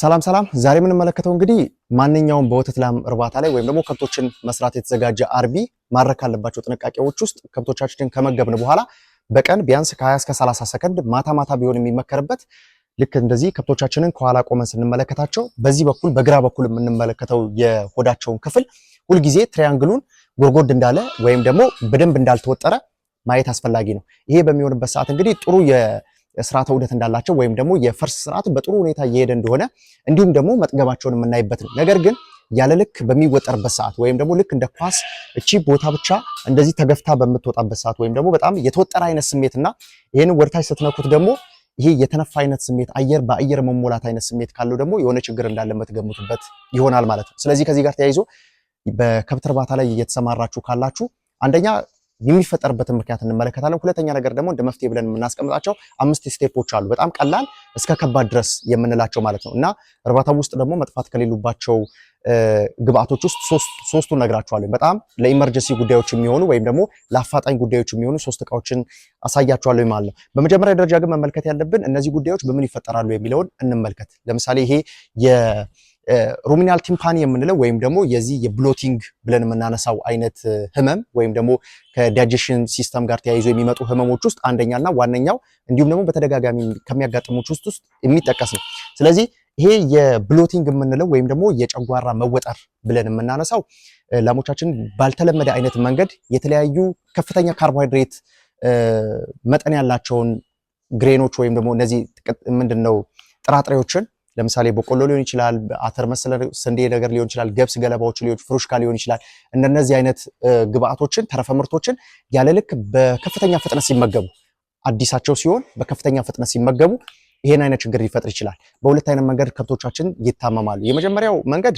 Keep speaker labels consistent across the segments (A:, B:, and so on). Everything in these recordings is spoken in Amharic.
A: ሰላም ሰላም። ዛሬ የምንመለከተው እንግዲህ ማንኛውም በወተት ላም እርባታ ላይ ወይም ደግሞ ከብቶችን መስራት የተዘጋጀ አርቢ ማድረግ ካለባቸው ጥንቃቄዎች ውስጥ ከብቶቻችንን ከመገብን በኋላ በቀን ቢያንስ ከ20 እስከ 30 ሰከንድ ማታ ማታ ቢሆን የሚመከርበት ልክ እንደዚህ ከብቶቻችንን ከኋላ ቆመን ስንመለከታቸው በዚህ በኩል በግራ በኩል የምንመለከተው የሆዳቸውን ክፍል ሁልጊዜ ትሪያንግሉን ጎርጎድ እንዳለ ወይም ደግሞ በደንብ እንዳልተወጠረ ማየት አስፈላጊ ነው። ይሄ በሚሆንበት ሰዓት እንግዲህ ጥሩ ስርዓተ ውህደት እንዳላቸው ወይም ደግሞ የፈርስ ስርዓቱ በጥሩ ሁኔታ እየሄደ እንደሆነ እንዲሁም ደግሞ መጥገባቸውን የምናይበት ነው። ነገር ግን ያለ ልክ በሚወጠርበት ሰዓት ወይም ደግሞ ልክ እንደ ኳስ እቺ ቦታ ብቻ እንደዚህ ተገፍታ በምትወጣበት ሰዓት ወይም ደግሞ በጣም የተወጠረ አይነት እና ይህንን ወደታች ስትነኩት ደግሞ ይሄ የተነፋ አይነት ስሜት አየር በአየር መሞላት አይነት ስሜት ካለው ደግሞ የሆነ ችግር እንዳለ የምትገምቱበት ይሆናል ማለት ነው። ስለዚህ ከዚህ ጋር ተያይዞ በከብት እርባታ ላይ እየተሰማራችሁ ካላችሁ አንደኛ የሚፈጠርበትን ምክንያት እንመለከታለን። ሁለተኛ ነገር ደግሞ እንደ መፍትሄ ብለን የምናስቀምጣቸው አምስት ስቴፖች አሉ። በጣም ቀላል እስከ ከባድ ድረስ የምንላቸው ማለት ነው እና እርባታ ውስጥ ደግሞ መጥፋት ከሌሉባቸው ግብአቶች ውስጥ ሶስቱን ነግራችኋለን። በጣም ለኢመርጀንሲ ጉዳዮች የሚሆኑ ወይም ደግሞ ለአፋጣኝ ጉዳዮች የሚሆኑ ሶስት እቃዎችን አሳያችኋለሁ ማለት ነው። በመጀመሪያ ደረጃ ግን መመልከት ያለብን እነዚህ ጉዳዮች በምን ይፈጠራሉ የሚለውን እንመልከት። ለምሳሌ ይሄ ሩሚናል ቲምፓኒ የምንለው ወይም ደግሞ የዚህ የብሎቲንግ ብለን የምናነሳው አይነት ህመም ወይም ደግሞ ከዳይጀሽን ሲስተም ጋር ተያይዞ የሚመጡ ህመሞች ውስጥ አንደኛና ዋነኛው እንዲሁም ደግሞ በተደጋጋሚ ከሚያጋጥሙች ውስጥ ውስጥ የሚጠቀስ ነው። ስለዚህ ይሄ የብሎቲንግ የምንለው ወይም ደግሞ የጨጓራ መወጠር ብለን የምናነሳው ላሞቻችን ባልተለመደ አይነት መንገድ የተለያዩ ከፍተኛ ካርቦሃይድሬት መጠን ያላቸውን ግሬኖች ወይም ደግሞ እነዚህ ምንድን ነው ጥራጥሬዎችን ለምሳሌ በቆሎ ሊሆን ይችላል፣ አተር መሰለ ስንዴ ነገር ሊሆን ይችላል፣ ገብስ ገለባዎች ሊሆን ፍሩሽካ ሊሆን ይችላል። እንደነዚህ አይነት ግብአቶችን ተረፈ ምርቶችን ያለ ልክ በከፍተኛ ፍጥነት ሲመገቡ አዲሳቸው ሲሆን በከፍተኛ ፍጥነት ሲመገቡ ይሄን አይነት ችግር ሊፈጥር ይችላል። በሁለት አይነት መንገድ ከብቶቻችን ይታመማሉ። የመጀመሪያው መንገድ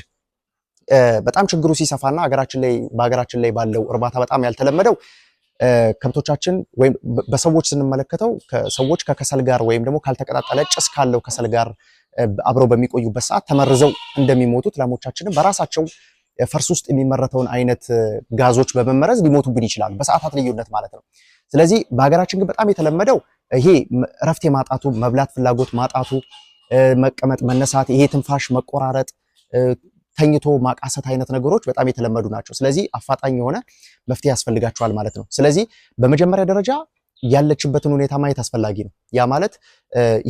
A: በጣም ችግሩ ሲሰፋና ሀገራችን ላይ በሀገራችን ላይ ባለው እርባታ በጣም ያልተለመደው ከብቶቻችን ወይም በሰዎች ስንመለከተው ሰዎች ከከሰል ጋር ወይም ደግሞ ካልተቀጣጠለ ጭስ ካለው ከሰል ጋር አብረው በሚቆዩበት ሰዓት ተመርዘው እንደሚሞቱት ላሞቻችንም በራሳቸው ፈርስ ውስጥ የሚመረተውን አይነት ጋዞች በመመረዝ ሊሞቱብን ይችላሉ፣ በሰዓታት ልዩነት ማለት ነው። ስለዚህ በሀገራችን ግን በጣም የተለመደው ይሄ እረፍት የማጣቱ መብላት ፍላጎት ማጣቱ፣ መቀመጥ፣ መነሳት፣ ይሄ ትንፋሽ መቆራረጥ፣ ተኝቶ ማቃሰት አይነት ነገሮች በጣም የተለመዱ ናቸው። ስለዚህ አፋጣኝ የሆነ መፍትሄ ያስፈልጋቸዋል ማለት ነው። ስለዚህ በመጀመሪያ ደረጃ ያለችበትን ሁኔታ ማየት አስፈላጊ ነው። ያ ማለት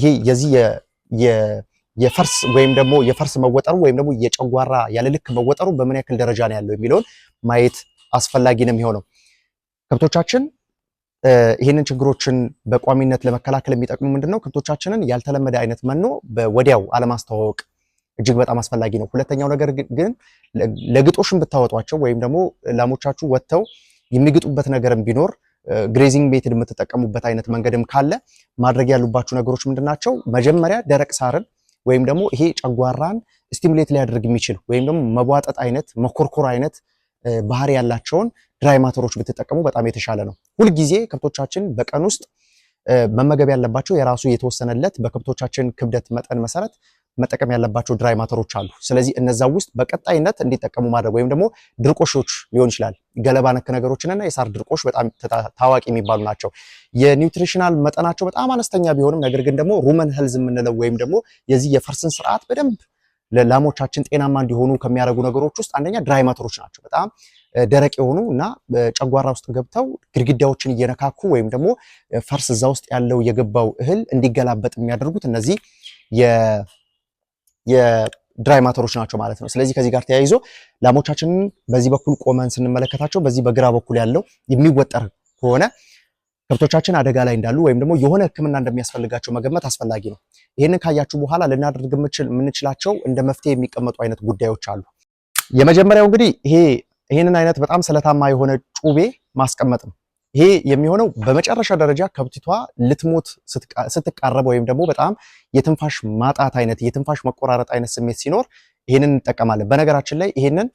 A: ይሄ የዚህ የፈርስ ወይም ደግሞ የፈርስ መወጠሩ ወይም ደግሞ የጨጓራ ያለ ልክ መወጠሩ በምን ያክል ደረጃ ነው ያለው የሚለውን ማየት አስፈላጊ ነው የሚሆነው። ከብቶቻችን ይህንን ችግሮችን በቋሚነት ለመከላከል የሚጠቅሙ ምንድን ነው? ከብቶቻችንን ያልተለመደ አይነት መኖ በወዲያው አለማስተዋወቅ እጅግ በጣም አስፈላጊ ነው። ሁለተኛው ነገር ግን ለግጦሽን ብታወጧቸው ወይም ደግሞ ላሞቻችሁ ወጥተው የሚግጡበት ነገርም ቢኖር ግሬዚንግ ሜትድ የምትጠቀሙበት አይነት መንገድም ካለ ማድረግ ያሉባችሁ ነገሮች ምንድናቸው? መጀመሪያ ደረቅ ሳርን ወይም ደግሞ ይሄ ጨጓራን ስቲሙሌት ሊያደርግ የሚችል ወይም ደግሞ መቧጠጥ አይነት መኮርኮር አይነት ባህሪ ያላቸውን ድራይ ማተሮች ብትጠቀሙ በጣም የተሻለ ነው። ሁልጊዜ ከብቶቻችን በቀን ውስጥ መመገብ ያለባቸው የራሱ የተወሰነለት በከብቶቻችን ክብደት መጠን መሰረት መጠቀም ያለባቸው ድራይ ማተሮች አሉ። ስለዚህ እነዛ ውስጥ በቀጣይነት እንዲጠቀሙ ማድረግ ወይም ደግሞ ድርቆሾች ሊሆን ይችላል ገለባ ነክ ነገሮችንና የሳር ድርቆሽ በጣም ታዋቂ የሚባሉ ናቸው። የኒውትሪሽናል መጠናቸው በጣም አነስተኛ ቢሆንም ነገር ግን ደግሞ ሩመን ህልዝ የምንለው ወይም ደግሞ የዚህ የፈርስን ስርዓት በደንብ ለላሞቻችን ጤናማ እንዲሆኑ ከሚያደርጉ ነገሮች ውስጥ አንደኛ ድራይ ማተሮች ናቸው። በጣም ደረቅ የሆኑ እና ጨጓራ ውስጥ ገብተው ግድግዳዎችን እየነካኩ ወይም ደግሞ ፈርስ እዛ ውስጥ ያለው የገባው እህል እንዲገላበጥ የሚያደርጉት እነዚህ የድራይ ማተሮች ናቸው ማለት ነው። ስለዚህ ከዚህ ጋር ተያይዞ ላሞቻችንን በዚህ በኩል ቆመን ስንመለከታቸው በዚህ በግራ በኩል ያለው የሚወጠር ከሆነ ከብቶቻችን አደጋ ላይ እንዳሉ ወይም ደግሞ የሆነ ሕክምና እንደሚያስፈልጋቸው መገመት አስፈላጊ ነው። ይህንን ካያችሁ በኋላ ልናደርግ የምንችላቸው እንደ መፍትሄ የሚቀመጡ አይነት ጉዳዮች አሉ። የመጀመሪያው እንግዲህ ይሄ ይህንን አይነት በጣም ስለታማ የሆነ ጩቤ ማስቀመጥ ነው። ይሄ የሚሆነው በመጨረሻ ደረጃ ከብቲቷ ልትሞት ስትቃረብ ወይም ደግሞ በጣም የትንፋሽ ማጣት አይነት የትንፋሽ መቆራረጥ አይነት ስሜት ሲኖር ይሄንን እንጠቀማለን። በነገራችን ላይ ይሄንን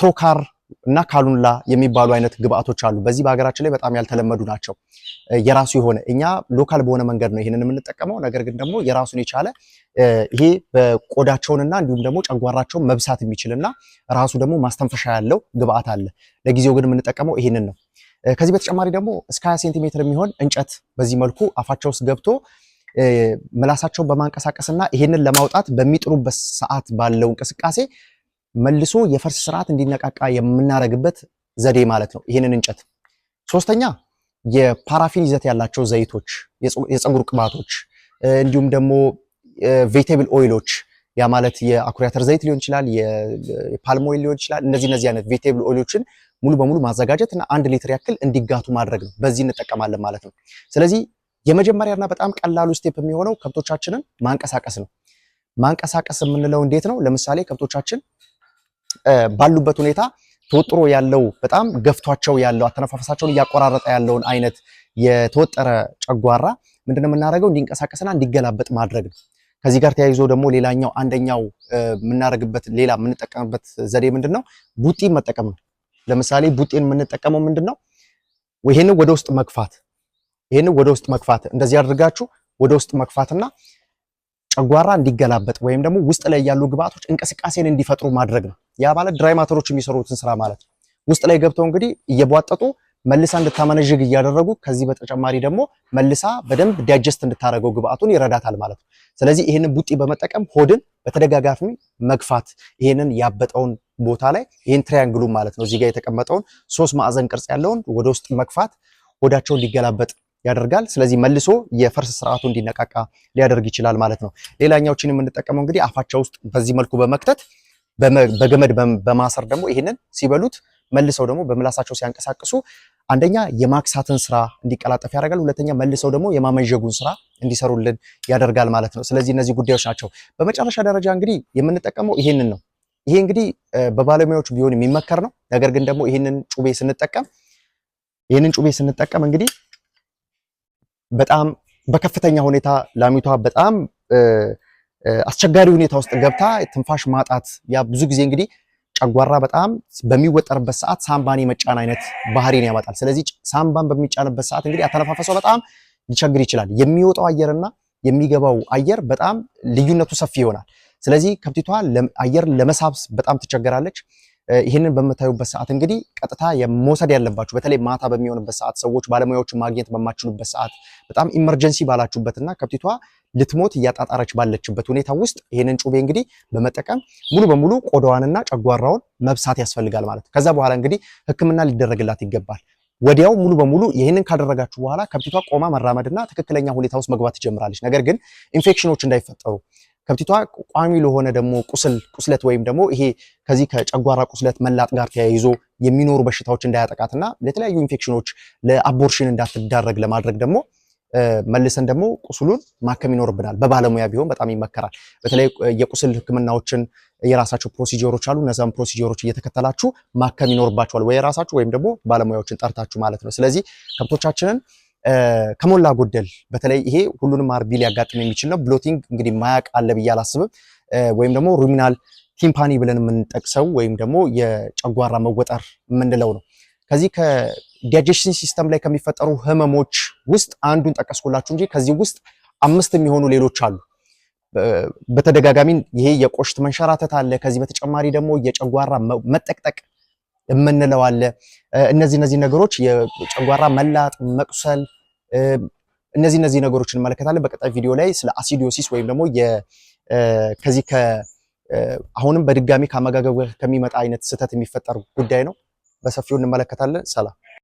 A: ትሮካር እና ካሉንላ የሚባሉ አይነት ግብአቶች አሉ። በዚህ በሀገራችን ላይ በጣም ያልተለመዱ ናቸው። የራሱ የሆነ እኛ ሎካል በሆነ መንገድ ነው ይህንን የምንጠቀመው። ነገር ግን ደግሞ የራሱን የቻለ ይሄ በቆዳቸውንና እንዲሁም ደግሞ ጨጓራቸውን መብሳት የሚችልና ራሱ ደግሞ ማስተንፈሻ ያለው ግብአት አለ። ለጊዜው ግን የምንጠቀመው ይህንን ነው። ከዚህ በተጨማሪ ደግሞ እስከ 20 ሴንቲሜትር የሚሆን እንጨት በዚህ መልኩ አፋቸው ውስጥ ገብቶ ምላሳቸውን በማንቀሳቀስና ይህንን ለማውጣት በሚጥሩበት ሰዓት ባለው እንቅስቃሴ መልሶ የፈርስ ስርዓት እንዲነቃቃ የምናደርግበት ዘዴ ማለት ነው። ይህንን እንጨት ሶስተኛ የፓራፊን ይዘት ያላቸው ዘይቶች፣ የፀጉር ቅባቶች እንዲሁም ደግሞ ቬጀቴብል ኦይሎች ያ ማለት የአኩሪ አተር ዘይት ሊሆን ይችላል፣ የፓልም ኦይል ሊሆን ይችላል። እነዚህ እነዚህ አይነት ቬጀቴብል ኦይሎችን ሙሉ በሙሉ ማዘጋጀት እና አንድ ሊትር ያክል እንዲጋቱ ማድረግ ነው። በዚህ እንጠቀማለን ማለት ነው። ስለዚህ የመጀመሪያና በጣም ቀላሉ ስቴፕ የሚሆነው ከብቶቻችንን ማንቀሳቀስ ነው። ማንቀሳቀስ የምንለው እንዴት ነው? ለምሳሌ ከብቶቻችን ባሉበት ሁኔታ ተወጥሮ ያለው በጣም ገፍቷቸው ያለው አተነፋፈሳቸውን እያቆራረጠ ያለውን አይነት የተወጠረ ጨጓራ ምንድነው የምናደርገው? እንዲንቀሳቀስና እንዲገላበጥ ማድረግ ነው። ከዚህ ጋር ተያይዞ ደግሞ ሌላኛው አንደኛው የምናደርግበት ሌላ የምንጠቀምበት ዘዴ ምንድን ነው? ቡጢን መጠቀም ነው። ለምሳሌ ቡጢን የምንጠቀመው ምንድን ነው? ይሄንን ወደ ውስጥ መግፋት ይሄንን ወደ ውስጥ መግፋት እንደዚህ አድርጋችሁ ወደ ውስጥ መግፋትና ጨጓራ እንዲገላበጥ ወይም ደግሞ ውስጥ ላይ ያሉ ግብዓቶች እንቅስቃሴን እንዲፈጥሩ ማድረግ ነው። ያ ማለት ድራይ ማተሮች የሚሰሩትን ስራ ማለት ነው። ውስጥ ላይ ገብተው እንግዲህ እየቧጠጡ መልሳ እንድታመነዥግ እያደረጉ ከዚህ በተጨማሪ ደግሞ መልሳ በደንብ ዳይጀስት እንድታደረገው ግብአቱን ይረዳታል ማለት ነው። ስለዚህ ይህንን ቡጢ በመጠቀም ሆድን በተደጋጋሚ መግፋት ይህንን ያበጠውን ቦታ ላይ ይህን ትሪያንግሉ ማለት ነው እዚህ ጋር የተቀመጠውን ሶስት ማዕዘን ቅርጽ ያለውን ወደ ውስጥ መግፋት ሆዳቸው እንዲገላበጥ ያደርጋል። ስለዚህ መልሶ የፈርስ ስርዓቱ እንዲነቃቃ ሊያደርግ ይችላል ማለት ነው። ሌላኛዎችን የምንጠቀመው እንግዲህ አፋቸው ውስጥ በዚህ መልኩ በመክተት በገመድ በማሰር ደግሞ ይህንን ሲበሉት መልሰው ደግሞ በምላሳቸው ሲያንቀሳቅሱ አንደኛ የማክሳትን ስራ እንዲቀላጠፍ ያደርጋል። ሁለተኛ መልሰው ደግሞ የማመንዠጉን ስራ እንዲሰሩልን ያደርጋል ማለት ነው። ስለዚህ እነዚህ ጉዳዮች ናቸው። በመጨረሻ ደረጃ እንግዲህ የምንጠቀመው ይህንን ነው። ይሄ እንግዲህ በባለሙያዎች ቢሆን የሚመከር ነው። ነገር ግን ደግሞ ይህንን ጩቤ ስንጠቀም ይህንን ጩቤ ስንጠቀም እንግዲህ በጣም በከፍተኛ ሁኔታ ላሚቷ በጣም አስቸጋሪ ሁኔታ ውስጥ ገብታ ትንፋሽ ማጣት፣ ያ ብዙ ጊዜ እንግዲህ ጨጓራ በጣም በሚወጠርበት ሰዓት ሳምባን የመጫን አይነት ባህሪን ያመጣል። ስለዚህ ሳምባን በሚጫንበት ሰዓት እንግዲህ አተነፋፈሷ በጣም ሊቸግር ይችላል። የሚወጣው አየርና የሚገባው አየር በጣም ልዩነቱ ሰፊ ይሆናል። ስለዚህ ከብቲቷ አየር ለመሳብ በጣም ትቸገራለች። ይህንን በምታዩበት ሰዓት እንግዲህ ቀጥታ መውሰድ ያለባችሁ በተለይ ማታ በሚሆንበት ሰዓት ሰዎች ባለሙያዎችን ማግኘት በማችሉበት ሰዓት በጣም ኢመርጀንሲ ባላችሁበትና ከብቲቷ ልትሞት እያጣጣረች ባለችበት ሁኔታ ውስጥ ይህንን ጩቤ እንግዲህ በመጠቀም ሙሉ በሙሉ ቆዳዋንና ጨጓራውን መብሳት ያስፈልጋል ማለት ነው። ከዛ በኋላ እንግዲህ ሕክምና ሊደረግላት ይገባል። ወዲያው ሙሉ በሙሉ ይህንን ካደረጋችሁ በኋላ ከብቲቷ ቆማ መራመድና ትክክለኛ ሁኔታ ውስጥ መግባት ትጀምራለች። ነገር ግን ኢንፌክሽኖች እንዳይፈጠሩ ከብቲቷ ቋሚ ለሆነ ደግሞ ቁስል ቁስለት ወይም ደግሞ ይሄ ከዚህ ከጨጓራ ቁስለት መላጥ ጋር ተያይዞ የሚኖሩ በሽታዎች እንዳያጠቃትና ለተለያዩ ኢንፌክሽኖች ለአቦርሽን እንዳትዳረግ ለማድረግ ደግሞ መልሰን ደግሞ ቁስሉን ማከም ይኖርብናል። በባለሙያ ቢሆን በጣም ይመከራል። በተለይ የቁስል ሕክምናዎችን የራሳቸው ፕሮሲጀሮች አሉ። እነዚያም ፕሮሲጀሮች እየተከተላችሁ ማከም ይኖርባችኋል፣ ወይ ራሳችሁ ወይም ደግሞ ባለሙያዎችን ጠርታችሁ ማለት ነው። ስለዚህ ከብቶቻችንን ከሞላ ጎደል በተለይ ይሄ ሁሉንም አርቢ ሊያጋጥም የሚችል ነው። ብሎቲንግ እንግዲህ ማያቅ አለ ብዬ አላስብም። ወይም ደግሞ ሩሚናል ቲምፓኒ ብለን የምንጠቅሰው ወይም ደግሞ የጨጓራ መወጠር የምንለው ነው። ከዚህ ከዳይጀሽን ሲስተም ላይ ከሚፈጠሩ ህመሞች ውስጥ አንዱን ጠቀስኩላችሁ እንጂ ከዚህ ውስጥ አምስት የሚሆኑ ሌሎች አሉ። በተደጋጋሚ ይሄ የቆሽት መንሸራተት አለ። ከዚህ በተጨማሪ ደግሞ የጨጓራ መጠቅጠቅ የምንለው አለ። እነዚህ እነዚህ ነገሮች የጨጓራ መላጥ፣ መቁሰል እነዚህ እነዚህ ነገሮችን እንመለከታለን። በቀጣይ ቪዲዮ ላይ ስለ አሲዲዮሲስ ወይም ደግሞ ከዚህ አሁንም በድጋሚ ከአመጋገብ ከሚመጣ አይነት ስህተት የሚፈጠር ጉዳይ ነው በሰፊው እንመለከታለን። ሰላም